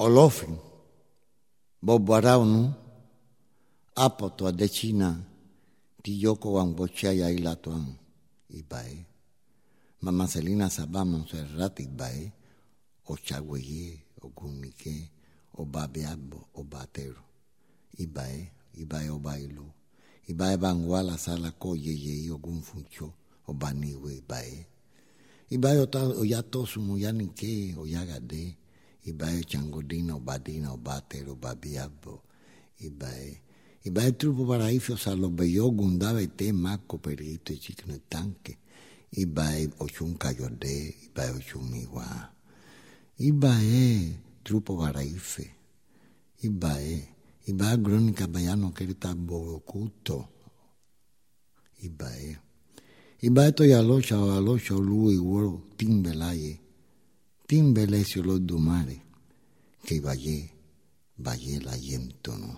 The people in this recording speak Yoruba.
Ολόφιν, Μπομπαράουνου, από το αντετσίνα τη Γιώκο Αμποτσιάια Ιλατουάν, είπαε. Μα μαθελίνα σαμπάμον σε ράτη μπαε, ο Τσαγωγέ, ο Κουνικέ, ο Μπαμπιάμπο, ο Πατέρο, είπαε, είπαε ο Μπαϊλού. Είπαε Μπαγκουάλα Σαλακό, Γεγεή, ο Κουνφουντσιό, ο Μπανίγου, είπαe. Είπαe ο, ο γιατός μου, ο Γιάννη ο Γιάγαντε, o changodino badino batero babiabo. vai o trupo paraíso gundava e tem maco perito e tanque. Ibai ochun cayode, ibai ochun igua. Ibai trupo paraífe. vai a crônica baiano que ele tá oculto. E vai to Toyalocha, o Alocha, o lu igual timbelaye. timbeleșiul los dumare, que que vaie, la yemtono.